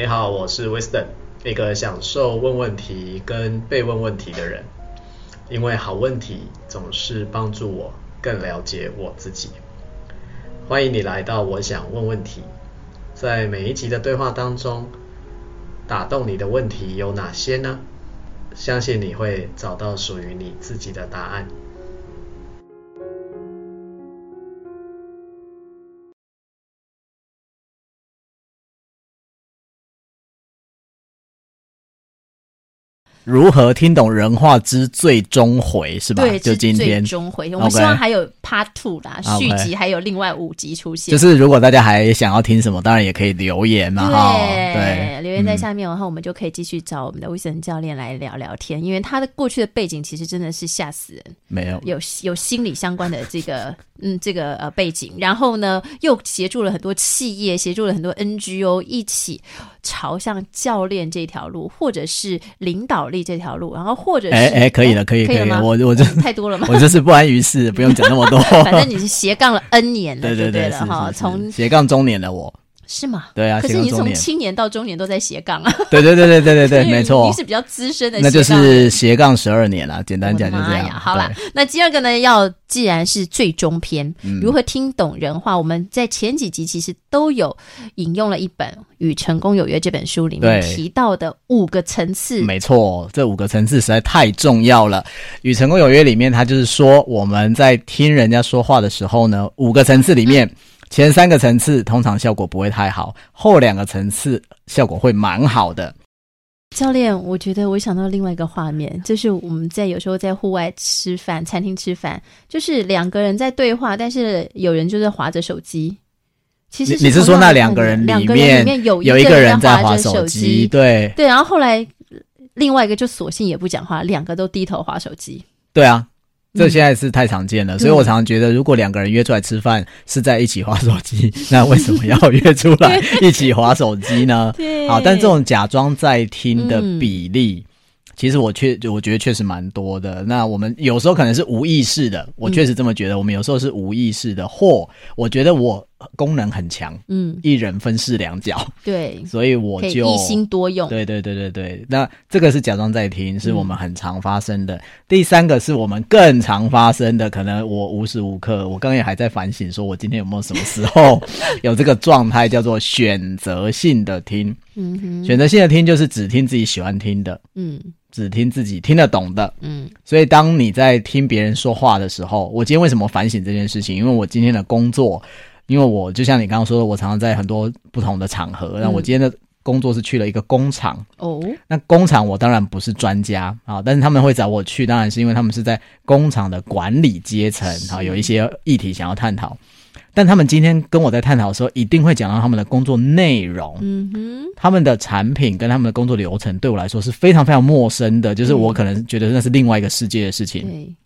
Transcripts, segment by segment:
你好，我是 Wisdom，一個享受問問題跟被問問題的人。因為好問題總是幫助我更了解我自己。歡迎你來到我想問問題，在每一集的對話當中，打動你的問題有哪些呢？相信你會找到屬於你自己的答案。如何聽懂人話之最終回是吧？對就今天最終回，我們希望還有 Part Two 啦，Okay. 續集還有另外五集出現。Okay. 就是如果大家還想要聽什麼，當然也可以留言嘛哈。對，對留言在下面，嗯、然後我們就可以繼續找我們的威森教練來聊聊天，因為他的過去的背景其實真的是嚇死人。沒有，有有心理相關的這個。 嗯，這個呃背景，然後呢，又協助了很多企業，協助了很多 NGO，一起朝向教練這條路，或者是領導力這條路，然後或者是哎哎、欸欸，可以了，可以誒可以了，以了我我就、嗯、太多了嘛，我就是不安於事，不用講那麼多， 反正你是斜槓了 N 年了對了。 對對對了哈，是是是從是是斜槓中年的我。是嗎？對啊，可是你從青年到中年都在斜槓啊！對對對對對對 沒錯錯，你是比較資深的斜槓。那就是斜槓十二年了，簡單講就這樣。對好了，那第二個呢？要既然是最終篇，嗯、如何聽懂人話？我們在前幾集其實都有引用了一本《與成功有約》這本書裡面提到的五個層次。沒錯，這五個層次實在太重要了。《與成功有約》裡面，它就是說，我們在聽人家說話的時候呢，五個層次裡面、嗯。前三個層次通常效果不會太好，後兩個層次效果會蠻好的。教練，我覺得我想到另外一個畫面，就是我們在有時候在戶外吃飯，餐廳吃飯，就是兩個人在對話，但是有人就在滑着手機。其實你，你是說那兩個人，兩個人裡面有有一個人在滑手機，手機對對，然後後來另外一個就索性也不講話，兩個都低頭滑手機。對啊。這現在是太常見了，嗯、所以我常常覺得，如果兩個人約出來吃飯對是在一起滑手機，那為什麼要約出來一起滑手機呢？ 對好，但這種假裝在聽的比例，嗯、其實我確我覺得確實蠻多的。那我們有時候可能是無意識的，我確實這麼覺得。我們有時候是無意識的，或我覺得我。功能很強，嗯，一人分飾兩角，對，所以我就以一心多用，對對對對對。那這個是假裝在聽，是我們很常發生的。嗯、第三個是我們更常發生的，可能我無時無刻，我剛剛也還在反省，說我今天有沒有什麼時候 有這個狀態叫做選擇性的聽，嗯哼，選擇性的聽就是只聽自己喜歡聽的，嗯，只聽自己聽得懂的，嗯。所以當你在聽別人說話的時候，我今天為什麼反省這件事情？因為我今天的工作。因為我就像你剛剛說的，我常常在很多不同的場合。那我今天的工作是去了一個工廠哦，嗯、那工廠我當然不是專家啊，但是他們會找我去，當然是因為他們是在工廠的管理階層啊，是有一些議題想要探討。但他們今天跟我在探討的時候，一定會講到他們的工作內容，嗯哼，他們的產品跟他們的工作流程，對我來說是非常非常陌生的，就是我可能覺得那是另外一個世界的事情。嗯嗯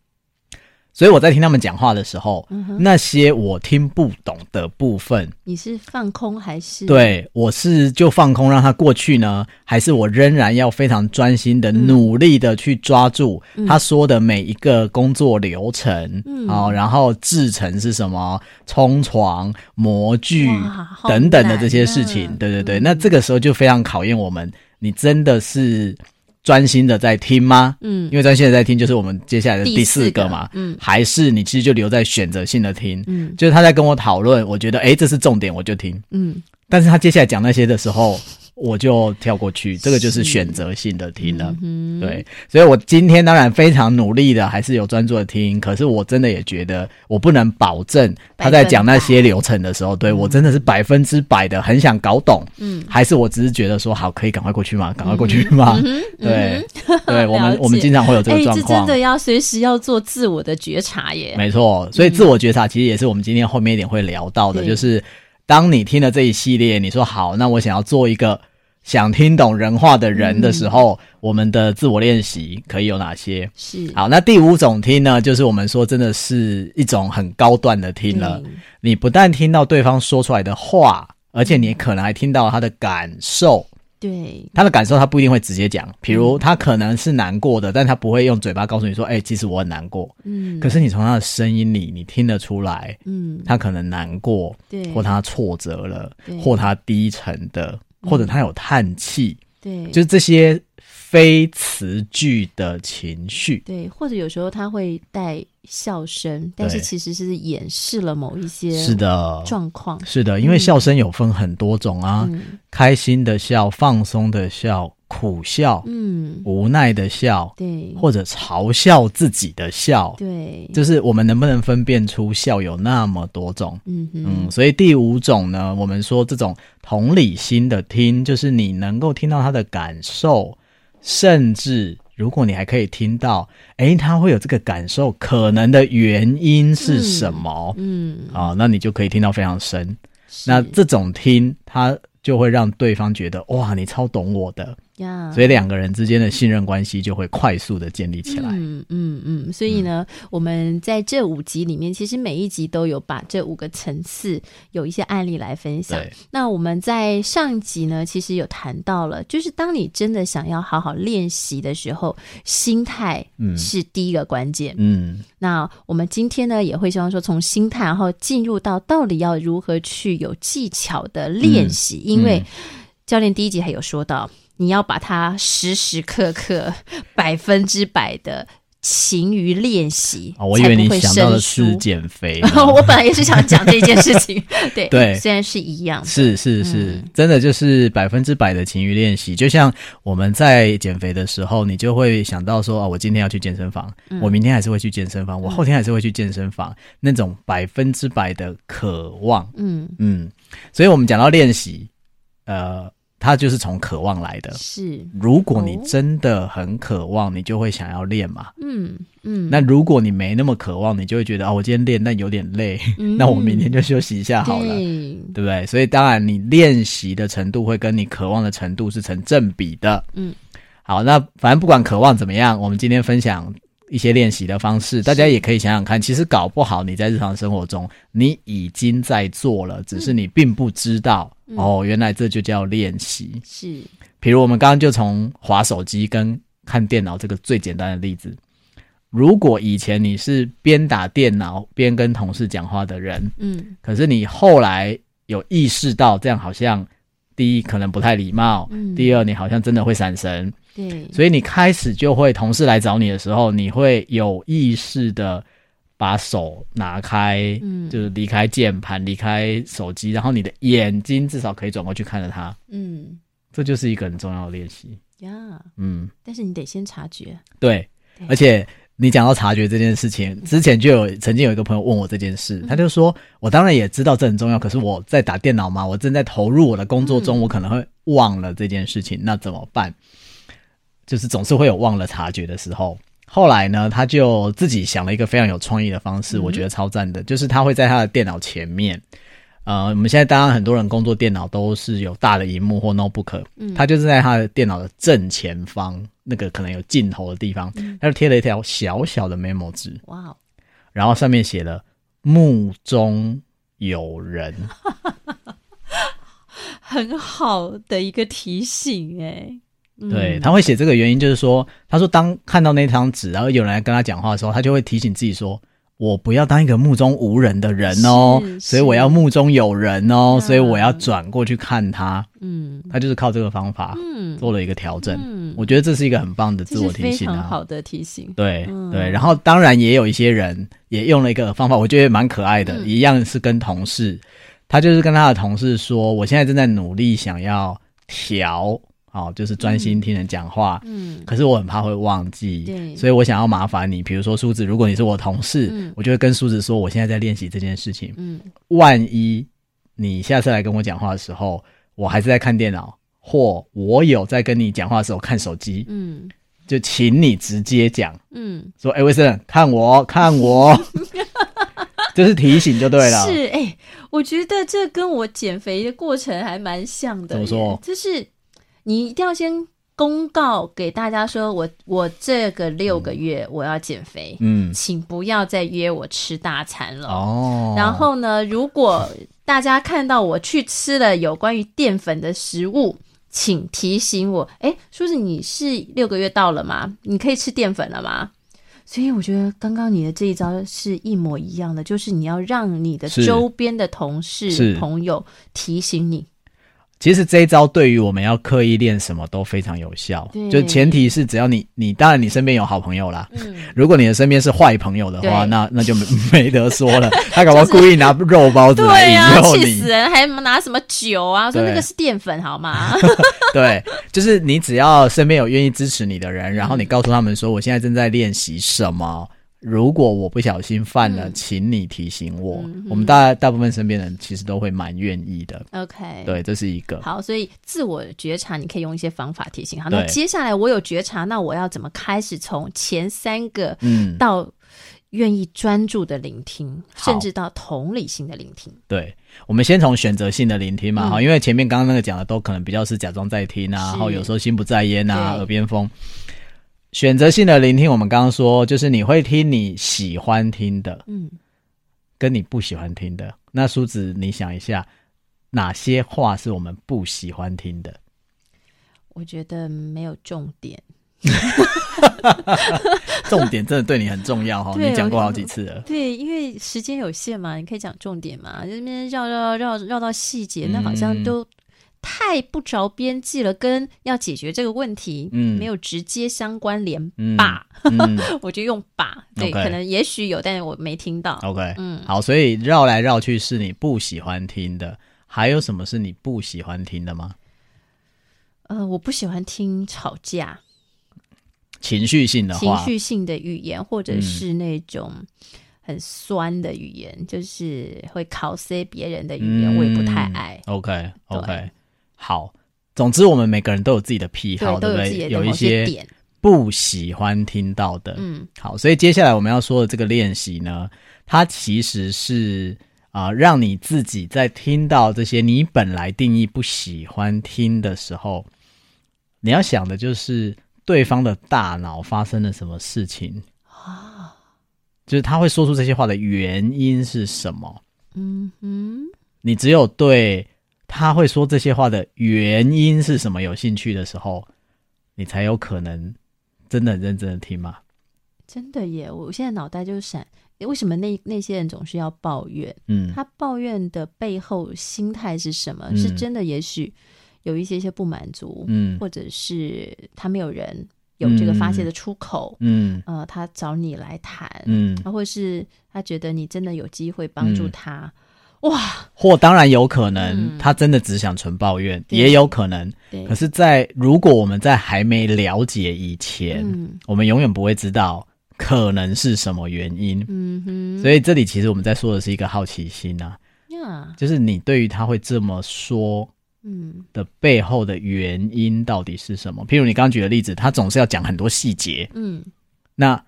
所以我在聽他們講話的時候，嗯、哼那些我聽不懂的部分，你是放空還是？對我是就放空讓它過去呢，還是我仍然要非常專心的努力的去抓住他說的每一個工作流程？啊、嗯，嗯、然後製程是什麼？衝床、模具等等的這些事情，對對對。嗯、那這個時候就非常考驗我們，你真的是。專心的在聽嗎？嗯，因為專心的在聽，就是我們接下來的第四個嘛。第四個，嗯，還是你其實就留在選擇性的聽。嗯，就是他在跟我討論，我覺得誒、欸，這是重點，我就聽。嗯，但是他接下來講那些的時候。我就跳過去，這個就是選擇性的聽了，嗯，對。所以，我今天當然非常努力的，還是有專注的聽。可是，我真的也覺得，我不能保證他在講那些流程的時候，對我真的是百分之百的、嗯、很想搞懂。嗯，還是我只是覺得說，好，可以趕快過去嘛，趕快過去嘛。嗯、對，嗯、哼對我們解我們經常會有這個狀況，是、欸、真的要隨時要做自我的覺察耶。沒錯，所以自我覺察其實也是我們今天後面一點會聊到的，嗯、就是。當你聽了這一系列，你說好，那我想要做一個想聽懂人話的人的時候，嗯、我們的自我練習可以有哪些？是。好，那第五種聽呢，就是我們說真的是一種很高段的聽了，嗯、你不但聽到對方說出來的話，而且你可能還聽到他的感受。對，他的感受，他不一定會直接講。比如他可能是難過的，嗯、但他不會用嘴巴告訴你說：“哎、欸，其實我很難過。”嗯，可是你從他的聲音裡，你聽得出來，嗯，他可能難過，對，或他挫折了，對或他低沉的，嗯、或者他有嘆氣，對，就是這些非詞句的情緒。對，或者有時候他會帶。笑聲，但是其實是掩飾了某一些是的狀況，是的，因為笑聲有分很多種啊，嗯、開心的笑、放鬆的笑、苦笑，嗯，無奈的笑，對，或者嘲笑自己的笑，對，就是我們能不能分辨出笑有那麼多種，嗯哼嗯。所以第五種呢，我們說這種同理心的聽，就是你能夠聽到他的感受，甚至。如果你還可以聽到，誒、欸，他會有這個感受，可能的原因是什麼？嗯，啊、嗯哦，那你就可以聽到非常深。是那這種聽，他就會讓對方覺得，哇，你超懂我的。呀，yeah, 所以兩個人之間的信任關係就會快速的建立起來。嗯嗯嗯，所以呢，嗯、我們在這五集裡面，其實每一集都有把這五個層次有一些案例來分享。對那我們在上集呢，其實有談到了，就是當你真的想要好好練習的時候，心態是第一個關鍵。嗯，嗯那我們今天呢，也會希望說，從心態然後進入到到底要如何去有技巧的練習，嗯嗯、因為教練第一集還有說到。你要把它時時刻刻百分之百的勤於練習，我以為你想到的是減肥， 我本來也是想講這件事情，對 對，對雖然是一樣，是是是，嗯、真的就是百分之百的勤於練習。就像我們在減肥的時候，你就會想到說啊，我今天要去健身房，嗯、我明天還是會去健身房，我後天還是會去健身房，那種百分之百的渴望，嗯嗯。所以我們講到練習，呃。它就是從渴望來的。是，如果你真的很渴望，哦、你就會想要練嘛。嗯嗯。嗯，那如果你沒那麼渴望，你就會覺得啊、哦，我今天練那有點累，嗯、 那我明天就休息一下好了，對，對不對？所以當然，你練習的程度會跟你渴望的程度是成正比的。嗯。好，那反正不管渴望怎麼樣，我們今天分享。一些練習的方式，大家也可以想想看。是其實搞不好你在日常生活中你已經在做了，只是你並不知道、嗯、哦。原來這就叫練習。是，比如我們剛剛就從滑手機跟看電腦這個最簡單的例子，如果以前你是邊打電腦邊跟同事講話的人，嗯，可是你後來有意識到這樣好像第一可能不太禮貌，嗯，第二你好像真的會閃神。對，所以你開始就會同事來找你的時候，你會有意識的把手拿開，嗯，就是離開鍵盤，離開手機，然後你的眼睛至少可以轉過去看着他，嗯，這就是一個很重要的練習，呀，Yeah，嗯，但是你得先察覺，對，對，而且你講到察覺這件事情之前，就有曾經有一個朋友問我這件事，嗯，他就說我當然也知道這很重要，可是我在打電腦嘛，我正在投入我的工作中，我可能會忘了這件事情，嗯，那怎麼辦？就是總是會有忘了察覺的時候。後來呢，他就自己想了一個非常有創意的方式，嗯、我覺得超讚的。就是他會在他的電腦前面，呃，我們現在當然很多人工作電腦都是有大的螢幕或 notebook，嗯、他就是在他的電腦的正前方那個可能有鏡頭的地方，嗯、他就貼了一條小小的 memo 紙。哇！然後上面寫了“目中有人”， 很好的一個提醒哎。嗯、對，他會寫這個原因，就是說，他說當看到那張紙，然後有人來跟他講話的時候，他就會提醒自己說：“我不要當一個目中無人的人哦、喔，所以我要目中有人哦、喔，嗯、所以我要轉過去看他。”嗯，他就是靠這個方法，嗯，做了一個調整嗯。嗯，我覺得這是一個很棒的自我提醒、啊，非常好的提醒。嗯、對對，然後當然也有一些人也用了一個方法，我覺得也蠻可愛的，嗯、一樣是跟同事，他就是跟他的同事說：“我現在正在努力想要調。”好、哦，就是專心聽人講話嗯。嗯，可是我很怕會忘記，對所以我想要麻煩你，比如說書子，如果你是我同事，嗯，我就會跟書子說，我現在在練習這件事情。嗯，萬一你下次來跟我講話的時候，我還是在看電腦，或我有在跟你講話的時候看手機，嗯，就請你直接講，嗯，說哎，威、欸、森，listen, 看我，看我， 就是提醒就對了。是哎、欸，我覺得這跟我減肥的過程還蠻像的。怎麼說？就是。你一定要先公告給大家說我，我我這個六個月我要減肥，嗯，嗯，請不要再約我吃大餐了。哦，然後呢，如果大家看到我去吃了有關於澱粉的食物，請提醒我。誒，書子，你是六個月到了嗎？你可以吃澱粉了嗎？所以我覺得剛剛你的這一招是一模一樣的，就是你要讓你的周邊的同事朋友提醒你。其實這一招對於我們要刻意練什麼都非常有效，對就前提是只要你你，當然你身邊有好朋友啦。嗯，如果你的身邊是壞朋友的話，對那那就沒沒得說了。 就是、他搞不好故意拿肉包子來引誘你。對啊，氣死人！還拿什麼酒啊，說那個是澱粉對好嗎？ 對，就是你只要身邊有願意支持你的人，然後你告訴他們說我現在正在練習什麼。如果我不小心犯了，嗯、請你提醒我。嗯嗯、我們大大部分身邊人其實都會蠻願意的。OK，對，這是一個好。所以自我覺察，你可以用一些方法提醒。好，對那接下來我有覺察，那我要怎麼開始從前三個到願意專注的聆聽，嗯、甚至到同理心的聆聽？對，我們先從選擇性的聆聽嘛。好、嗯，因為前面剛剛那個講的都可能比較是假裝在聽啊，是然後有時候心不在焉啊，對耳邊風。選擇性的聆聽，我們剛剛說，就是你會聽你喜歡聽的，嗯，跟你不喜歡聽的。嗯、那書子，你想一下，哪些話是我們不喜歡聽的？我覺得沒有重點。 重點真的對你很重要哈、 哦，你講過好幾次了。對，對，因為時間有限嘛，你可以講重點嘛，就這邊繞繞繞繞到細節，嗯、那好像都。太不着邊際了，跟要解決這個問題沒有直接相關聯吧？我就用吧，對，可能也許有，但是我沒聽到。OK，嗯，好，所以繞來繞去是你不喜歡聽的，還有什麼是你不喜歡聽的嗎？呃，我不喜歡聽吵架、情緒性的、情緒性的語言，或者是那種很酸的語言，就是會口塞別人的語言，我也不太愛。OK，OK。好，總之我們每個人都有自己的癖好，對，對不對？有，有一些不喜歡聽到的，嗯。好，所以接下來我們要說的這個練習呢，它其實是啊、呃，讓你自己在聽到這些你本來定義不喜歡聽的時候，你要想的就是對方的大腦發生了什麼事情啊，就是他會說出這些話的原因是什麼？嗯哼，你只有對。他會說這些話的原因是什麼？有興趣的時候，你才有可能真的認真的聽嗎？真的耶！我現在腦袋就閃，為什麼那那些人總是要抱怨？嗯，他抱怨的背後心態是什麼？嗯、是真的，也許有一些些不滿足，嗯，或者是他沒有人有這個發洩的出口，嗯，呃，他找你來談，嗯，或者是他覺得你真的有機會幫助他。嗯哇，或當然有可能，他真的只想純抱怨，嗯、也有可能。對可是，在如果我們在還沒了解以前，嗯、我們永遠不會知道可能是什麼原因。嗯哼，所以這裡其實我們在說的是一個好奇心吶、啊，Yeah. 就是你對於他會這麼說，嗯，的背後的原因到底是什麼？嗯、譬如你剛剛舉的例子，他總是要講很多細節，嗯，那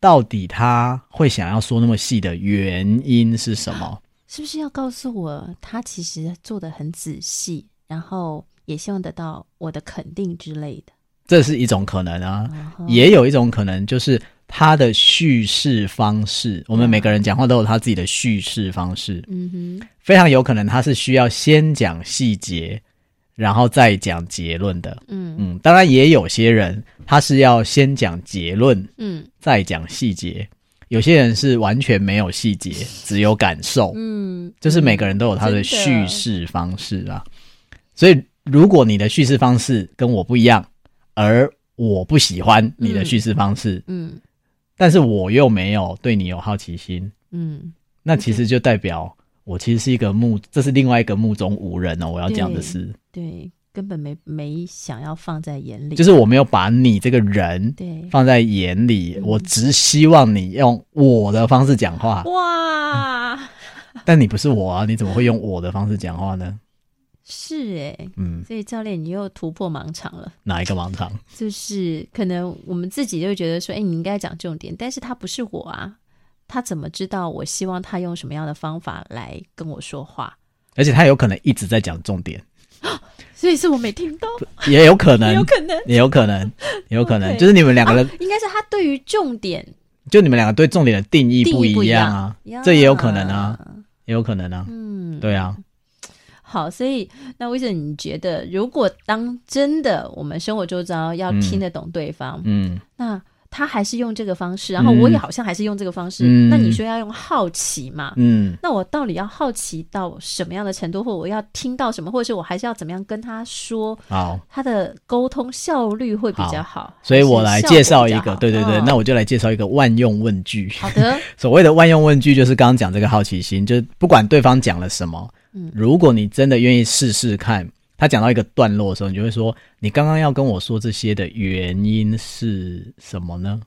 到底他會想要說那麼細的原因是什麼？啊是不是要告訴我，他其實做得很仔細，然後也希望得到我的肯定之類的？這是一種可能啊，然後也有一種可能就是他的敘事方式。我們每個人講話都有他自己的敘事方式，嗯哼，非常有可能他是需要先講細節，然後再講結論的。嗯嗯，當然也有些人他是要先講結論，嗯，再講細節。有些人是完全沒有細節，只有感受。嗯，嗯，就是每個人都有他的敘事方式啊。的所以，如果你的敘事方式跟我不一樣，而我不喜歡你的敘事方式，嗯，嗯，但是我又沒有對你有好奇心，嗯，那其實就代表我其實是一個目，這是另外一個目中無人哦。我要講的是，對。對根本沒沒想要放在眼裡、啊，就是我沒有把你這個人對放在眼裡，對我只希望你用我的方式講話。哇、嗯！但你不是我啊，你怎麼會用我的方式講話呢？是哎、欸，嗯，所以教練，你又突破盲腸了。哪一個盲腸？就是可能我們自己就覺得說，哎、欸，你應該講重點，但是他不是我啊，他怎麼知道我希望他用什麼樣的方法來跟我說話？而且他有可能一直在講重點。所以是我沒聽懂，也有可能， 有可能，也有可能，有可能，就是你們兩個人、啊、應該是他對於重點，就你們兩個對重點的定義不一樣啊，樣 yeah. 這也有可能啊，也有可能啊，嗯，對啊。好，所以那書子，你覺得如果當真的，我們生活周遭要聽得懂對方，嗯，嗯那。他還是用這個方式，然後我也好像還是用這個方式。嗯、那你說要用好奇嘛？嗯，那我到底要好奇到什麼樣的程度，或者我要聽到什麼，或者是我還是要怎麼樣跟他說？好，他的溝通效率會比較好。好，所以我來介紹一個，對對對，哦、那我就來介紹一個萬用問句。好的。 所謂的萬用問句就是剛剛講這個好奇心，就不管對方講了什麼，嗯，如果你真的願意試試看。他講到一個段落的時候，你就會說：“你剛剛要跟我說這些的原因是什麼呢？”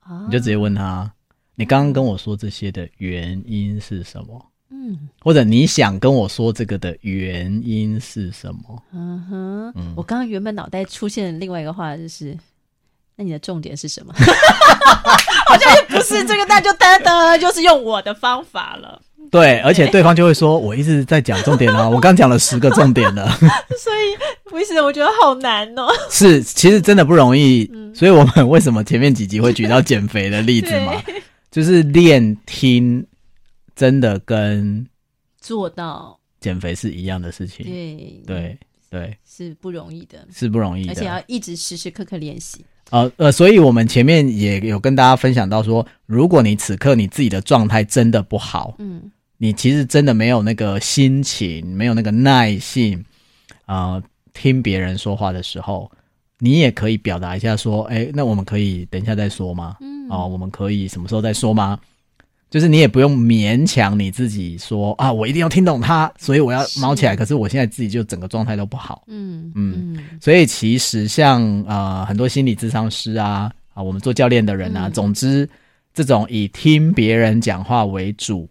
啊，你就直接問他：“啊、你剛剛跟我說這些的原因是什麼？”嗯，或者你想跟我說這個的原因是什麼？嗯哼，我剛剛原,、嗯、原本腦袋出現另外一個話就是：“那你的重點是什麼？”哈哈哈，好像也不是這個，但就得得就是用我的方法了。對，而且對方就會說：“對我一直在講重點哦，啊、我剛講了十個重點了。” 所以，為什麼我覺得好難哦。是，其實真的不容易。嗯，所以，我們為什麼前面幾集會舉到減肥的例子嘛？對就是練聽，真的跟做到減肥是一樣的事情。對，對，對，對，是不容易的，是不容易的。而且要一直時時刻刻練習。呃呃，所以我們前面也有跟大家分享到說，如果你此刻你自己的狀態真的不好，嗯。你其實真的沒有那個心情，沒有那個耐性，啊、呃，聽別人說話的時候，你也可以表達一下說，哎、欸，那我們可以等一下再說嗎？啊、嗯呃，我們可以什麼時候再說嗎？就是你也不用勉強你自己說啊，我一定要聽懂他，所以我要貓起來。是，可是我現在自己就整個狀態都不好。嗯嗯，所以其實像啊、呃，很多心理諮商師啊，啊，我們做教練的人啊，嗯、總之，這種以聽別人講話為主。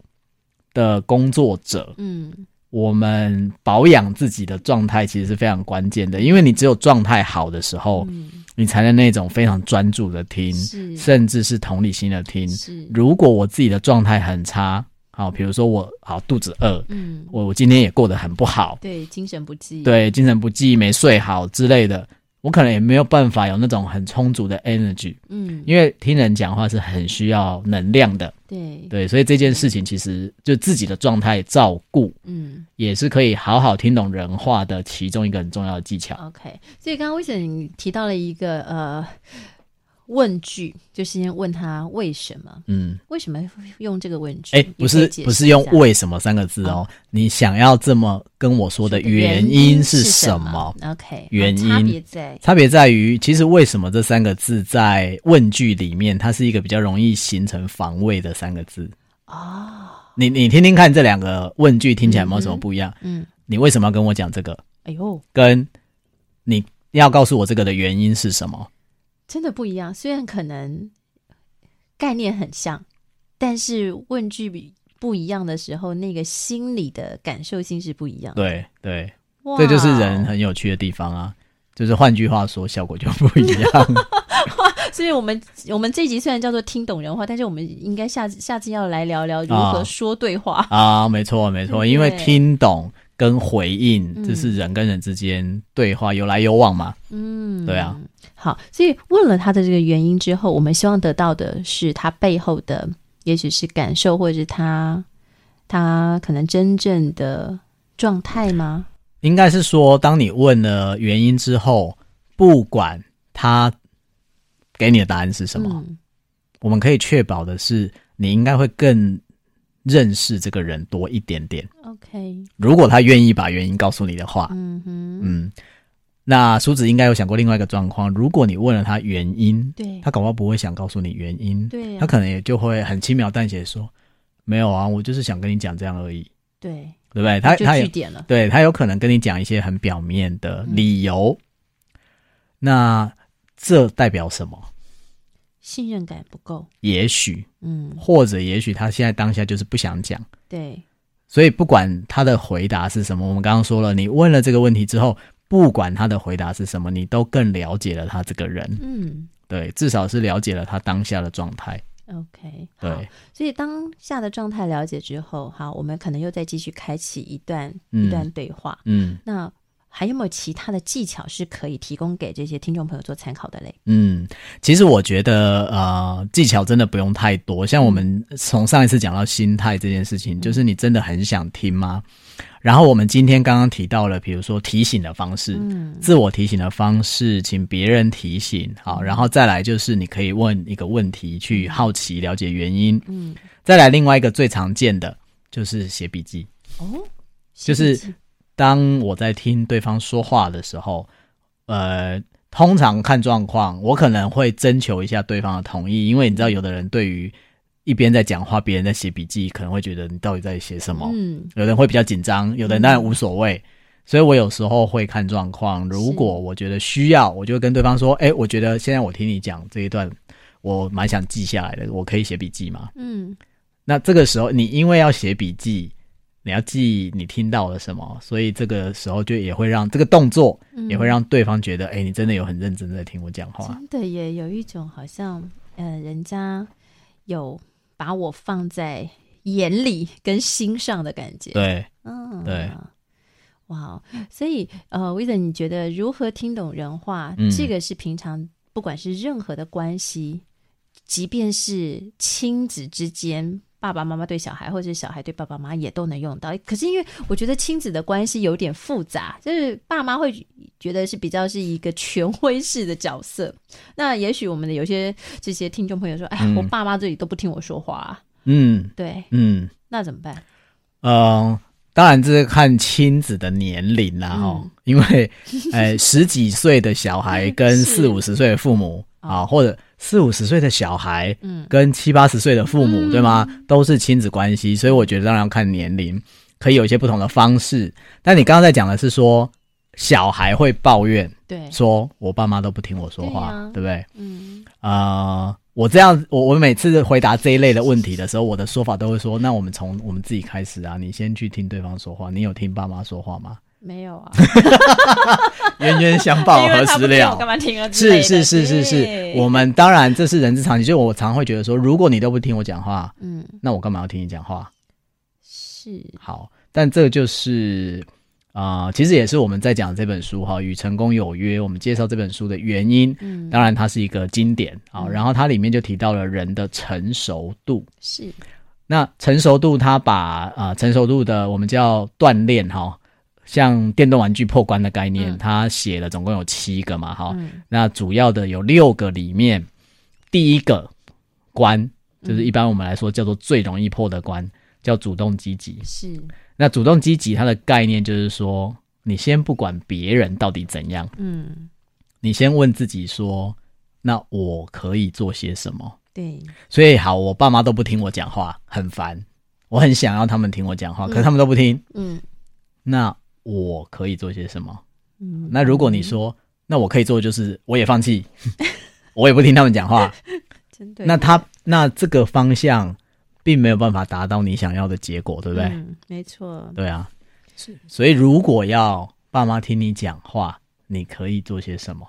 的工作者，嗯，我們保養自己的狀態其實是非常關鍵的，因為你只有狀態好的時候，嗯，你才能那種非常專注的聽，是甚至是同理心的聽。是如果我自己的狀態很差，好、哦，比如說我好肚子餓，嗯，我，我今天也過得很不好，對，精神不濟，對，精神不濟，沒睡好之類的。我可能也沒有辦法有那種很充足的 energy，嗯，因為聽人講話是很需要能量的，對對，對所以這件事情其實就自己的狀態照顧，嗯，也是可以好好聽懂人話的其中一個很重要的技巧。OK，所以剛剛威你提到了一個呃。問句就是先問他為什麼？嗯，為什麼用這個問句？哎，不是不是用為什麼三個字哦。你想要這麼跟我說的原因是什麼？OK，原因差別在差別在於，其實為什麼這三個字在問句裡面，它是一個比較容易形成防衛的三個字。哦，你你聽聽看，這兩個問句聽起來有沒有什麼不一樣？嗯，你為什麼要跟我講這個？哎呦，跟你要告訴我這個的原因是什麼？真的不一樣，雖然可能概念很像，但是問句不不一樣的時候，那個心理的感受性是不一樣的。對，對對，Wow 這就是人很有趣的地方啊！就是換句話說，效果就不一樣。 所以我，我們我們這一集雖然叫做聽懂人話，但是我們應該下下次要來聊聊如何說對話啊，啊！沒錯沒錯，對因為聽懂跟回應，這是人跟人之間對話、嗯、有來有往嘛。嗯，對啊。好，所以問了他的這個原因之後，我們希望得到的是他背後的，也許是感受，或者是他他可能真正的狀態嗎？應該是說，當你問了原因之後，不管他給你的答案是什麼，嗯、我們可以確保的是，你應該會更認識這個人多一點點。OK，如果他願意把原因告訴你的話，嗯哼，嗯。那書子應該有想過另外一個狀況，如果你問了他原因，對，他恐怕不會想告訴你原因。對啊、他可能也就會很輕描淡寫說：“沒有啊，我就是想跟你講這樣而已。”對，對不對？他就句點了。對，他有可能跟你講一些很表面的理由。嗯、那這代表什麼？信任感不夠。也許，嗯，或者也許他現在當下就是不想講。對，所以不管他的回答是什麼，我們剛剛說了，你問了這個問題之後。不管他的回答是什麼，你都更了解了他這個人。嗯，對，至少是了解了他當下的狀態。OK，對。所以當下的狀態了解之後，好，我們可能又再繼續開啟一段、嗯、一段對話。嗯，那。還有沒有其他的技巧是可以提供給這些聽眾朋友做參考的嘞？嗯，其實我覺得呃，技巧真的不用太多。像我們從上一次講到心態這件事情，嗯、就是你真的很想聽嗎？然後我們今天剛剛提到了，比如說提醒的方式，嗯，自我提醒的方式，請別人提醒，好，然後再來就是你可以問一個問題，去好奇了解原因，嗯，再來另外一個最常見的就是寫筆記，哦，就是。哦當我在聽對方說話的時候，呃，通常看狀況，我可能會徵求一下對方的同意，因為你知道，有的人對於一邊在講話，別人在寫筆記，可能會覺得你到底在寫什麼。嗯。有人會比較緊張，有的人當然無所謂。嗯、所以我有時候會看狀況，如果我覺得需要，我就跟對方說：“誒是、欸，我覺得現在我聽你講這一段，嗯、我蠻想記下來的，我可以寫筆記嗎？”嗯。那這個時候，你因為要寫筆記。你要記你聽到了什麼，所以這個時候就也會讓這個動作，也會讓對方覺得，哎、嗯欸，你真的有很認真的聽我講話。真的也有一種好像，嗯、呃，人家有把我放在眼裡跟心上的感覺。對，嗯、啊，對，哇，所以呃，威森，你覺得如何聽懂人話？嗯、這個是平常不管是任何的關係，即便是親子之間。爸爸媽媽對小孩，或者是小孩對爸爸媽媽也都能用到。可是因為我覺得親子的關係有點複雜，就是爸媽會覺得是比較是一個權威式的角色。那也許我們的有些這些聽眾朋友說：“嗯、哎呀，我爸媽這裡都不聽我說話、啊。”嗯，對，嗯，那怎麼辦？嗯、呃，當然這是看親子的年齡啦、啊。哦。嗯、因為，哎， 十幾歲的小孩跟四五十歲的父母是啊，啊或者。四五十歲的小孩，嗯，跟七八十歲的父母，嗯、對嗎？都是親子關係，所以我覺得當然要看年齡，可以有一些不同的方式。但你剛剛在講的是說，小孩會抱怨，對，說我爸媽都不聽我說話，對，對不對？嗯，呃，我這樣，我我每次回答這一類的問題的時候，我的說法都會說，那我們從我們自己開始啊，你先去聽對方說話，你有聽爸媽說話嗎？沒有啊，哈哈哈哈哈！冤冤相報何時了， 了是？是是是是是， 是，我們當然這是人之常情，所以我常會覺得說，如果你都不聽我講話，嗯，那我幹嘛要聽你講話？是，好，但這就是啊、呃，其實也是我們在講這本書哈、哦，《與成功有約》，我們介紹這本書的原因。嗯，當然它是一個經典啊、哦，然後它裡面就提到了人的成熟度。是，那成熟度，它把啊、呃、成熟度的我們叫鍛鍊哈。哦像電動玩具破關的概念，嗯、他寫了總共有七個嘛，哈、嗯，那主要的有六個裡面，第一個關、嗯、就是一般我們來說叫做最容易破的關，叫主動積極。是，那主動積極它的概念就是說，你先不管別人到底怎樣，嗯，你先問自己說，那我可以做些什麼？對，所以好，我爸媽都不聽我講話，很煩，我很想要他們聽我講話，嗯、可他們都不聽，嗯，那。我可以做些什麼？嗯，那如果你說，那我可以做就是我也放棄， 我也不聽他們講話。 真的對？那他那這個方向並沒有辦法達到你想要的結果，對不對？嗯，沒錯。對啊，是。所以如果要爸媽聽你講話，你可以做些什麼？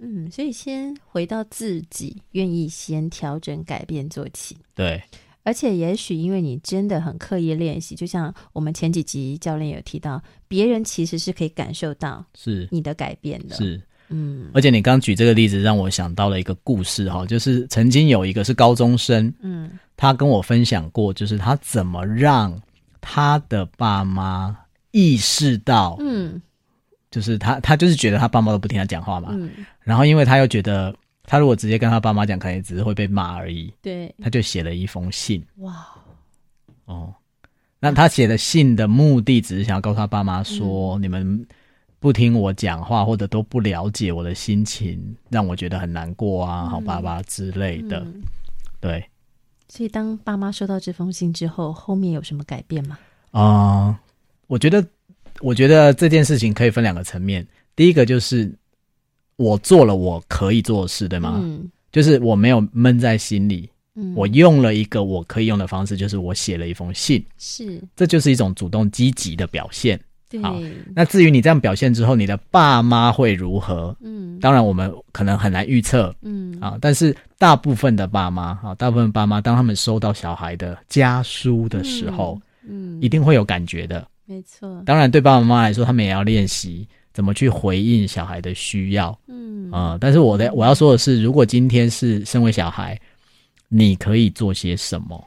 嗯，所以先回到自己，願意先調整改變做起。對。而且，也許因為你真的很刻意練習，就像我們前幾集教練有提到，別人其實是可以感受到是你的改變的，是，是嗯。而且你剛舉這個例子，讓我想到了一個故事哈，就是曾經有一個是高中生，嗯，他跟我分享過，就是他怎麼讓他的爸媽意識到，嗯，就是他他就是覺得他爸媽都不聽他講話嘛，嗯，然後因為他又覺得。他如果直接跟他爸媽講，可能也只是會被罵而已。對，他就寫了一封信。哇，哦，那他寫的信的目的只是想要告訴他爸媽說，嗯、你們不聽我講話，或者都不了解我的心情，讓我覺得很難過啊，好爸爸之類的。嗯嗯、對。所以，當爸媽收到這封信之後，後面有什麼改變嗎？啊、呃，我覺得，我覺得這件事情可以分兩個層面。第一個就是。我做了我可以做的事，對嗎？嗯，就是我沒有悶在心裡，嗯，我用了一個我可以用的方式，就是我寫了一封信，是，這就是一種主動積極的表現。對，好，那至於你這樣表現之後，你的爸媽會如何？嗯，當然我們可能很難預測，嗯啊，但是大部分的爸媽哈，啊，大部分爸媽當他們收到小孩的家書的時候，嗯，嗯一定會有感覺的，沒錯。當然對爸爸媽媽來說，他們也要練習。怎麼去回應小孩的需要？嗯啊，嗯，但是我的我要說的是，如果今天是身為小孩，你可以做些什麼？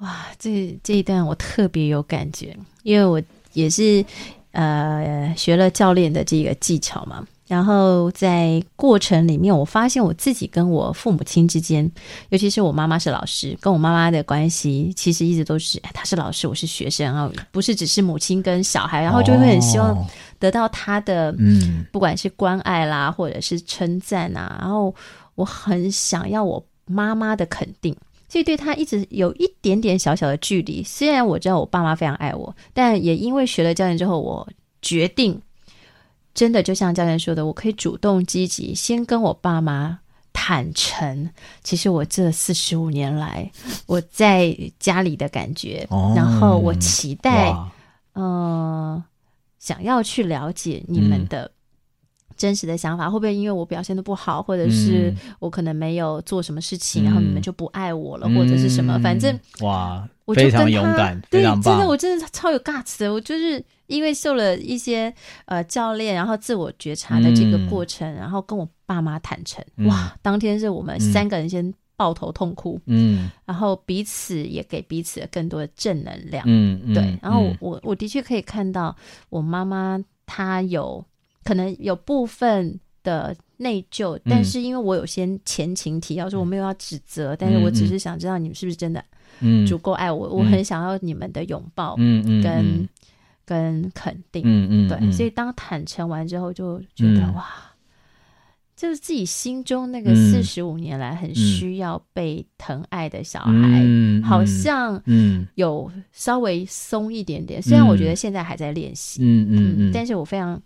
哇，這這一段我特別有感覺，因為我也是呃學了教練的這個技巧嘛。然後在過程裡面，我發現我自己跟我父母親之間，尤其是我媽媽是老師，跟我媽媽的關係其實一直都是，她、哎、是老師，我是學生啊，然後不是只是母親跟小孩，然後就會很希望得到她的，哦、不管是關愛啦，或者是稱讚啊，嗯、然後我很想要我媽媽的肯定，所以對她一直有一點點小小的距離。雖然我知道我爸媽非常愛我，但也因為學了教練之後，我決定。.真的就像教練說的，我可以主動積極，先跟我爸媽坦誠，其實我這四十五年來我在家裡的感覺， 然後我期待，嗯、哦呃、想要去了解你們的真實的想法，嗯、會不會因為我表現的不好，或者是我可能沒有做什麼事情，嗯、然後你們就不愛我了，嗯、或者是什麼？反正哇，我非常勇敢，對，非常棒，真的我真的超有尬詞的，我就是。因為受了一些呃教練，然後自我覺察的這個過程，嗯、然後跟我爸媽坦誠，嗯、哇，當天是我們三個人先抱頭痛哭，嗯，然後彼此也給彼此更多的正能量，嗯,嗯對，然後我我,我的確可以看到我媽媽她有可能有部分的內疚，嗯、但是因為我有先前情提要，說我沒有要指責，嗯、但是我只是想知道你們是不是真的足夠愛我，嗯、我,我很想要你們的擁抱，嗯嗯，跟。跟肯定，嗯嗯，嗯對，所以當坦誠完之後，就覺得、嗯、哇，就是自己心中那個四十五年來很需要被疼愛的小孩，嗯嗯、好像嗯有稍微鬆一點點。嗯、雖然我覺得現在還在練習，嗯嗯,嗯,嗯但是我非常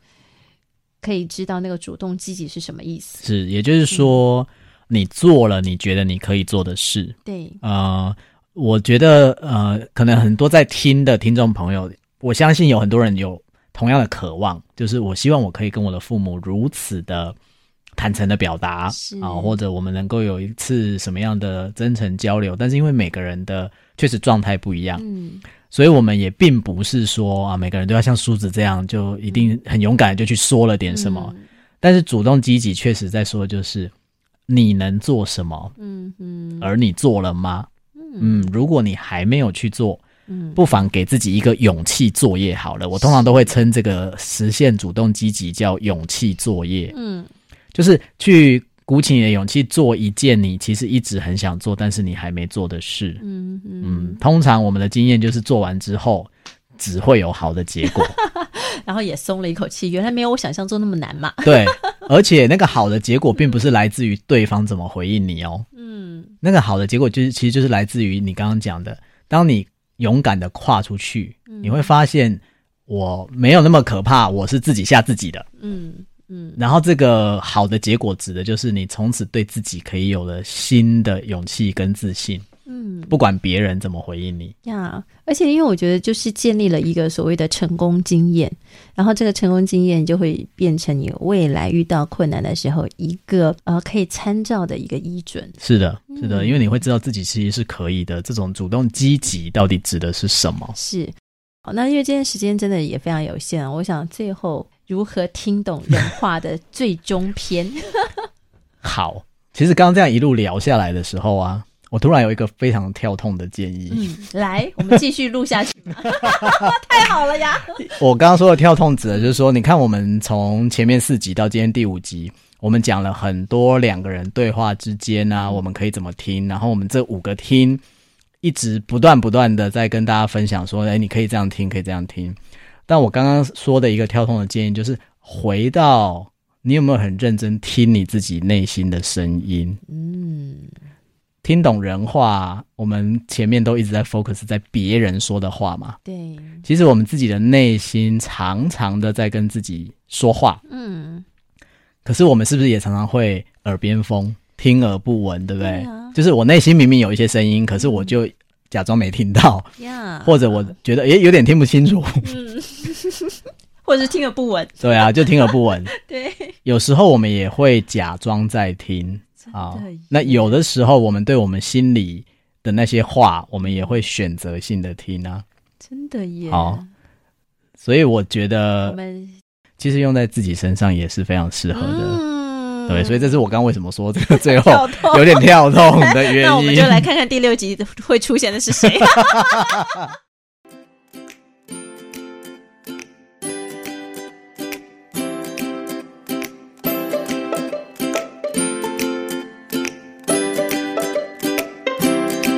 可以知道那個主動積極是什麼意思。是，也就是說、嗯、你做了你覺得你可以做的事。對，呃，我覺得呃，可能很多在聽的聽眾朋友。我相信，有很多人有同樣的渴望，就是我希望我可以跟我的父母如此的坦誠的表達，是啊，或者我們能夠有一次什麼樣的真誠交流。但是因為每個人的確實狀態不一樣，嗯，所以我們也並不是說啊，每個人都要像書子這樣，就一定很勇敢的就去說了點什麼。嗯、但是主動積極確實，在說就是你能做什麼，嗯而你做了嗎？嗯，嗯，如果你還沒有去做。嗯，不妨給自己一個勇氣作業好了。我通常都會稱這個實現主動積極叫勇氣作業。嗯，就是去鼓起你的勇氣做一件你其實一直很想做，但是你還沒做的事。嗯嗯，嗯通常我們的經驗就是做完之後，只會有好的結果， 然後也鬆了一口氣。原來沒有我想象中那麼難嘛。 對，而且那個好的結果並不是來自於對方怎麼回應你哦。嗯，那個好的結果就是，其實就是來自於你剛剛講的，當你。勇敢的跨出去，你會發現我沒有那麼可怕，我是自己嚇自己的。嗯嗯，嗯然後這個好的結果指的就是你從此對自己可以有了新的勇氣跟自信。嗯，不管別人怎麼回應你呀，yeah, 而且因為我覺得就是建立了一個所謂的成功經驗，然後這個成功經驗就會變成你未來遇到困難的時候一個呃可以參照的一個依準。是的，是的，因為你會知道自己其實是可以的。嗯，這種主動積極到底指的是什麼？是，好，那因為今天時間真的也非常有限，我想最後如何聽懂人話的最終篇。 好，其實剛剛這樣一路聊下來的時候啊。我突然有一個非常跳痛的建議，嗯，來，我們繼續錄下去吧， 太好了呀！ 我剛剛說的跳痛指的就是說，你看我們從前面四集到今天第五集，我們講了很多兩個人對話之間呢，啊，我們可以怎麼聽，然後我們這五個聽一直不斷不斷的在跟大家分享說，誒、欸、你可以這樣聽，可以這樣聽。但我剛剛說的一個跳痛的建議，就是回到你有沒有很認真聽你自己內心的聲音？嗯。聽懂人話，我們前面都一直在 focus 在別人說的話嘛。對，其實我們自己的內心常常的在跟自己說話。嗯，可是我們是不是也常常會耳邊風，聽而不聞，對不對？對啊、就是我內心明明有一些聲音，嗯、可是我就假裝沒聽到，Yeah 或者我覺得誒有點聽不清楚， 或者是聽而不聞。對啊，就聽而不聞。 對，有時候我們也會假裝在聽。啊，那有的時候我們對我們心裡的那些話，我們也會選擇性的聽呢。真的耶！好，所以我覺得，其實用在自己身上也是非常適合的。嗯，對，所以這是我剛剛為什麼說這個最後有點跳動的原因。 那我們就來看看第六集會出現的是誰。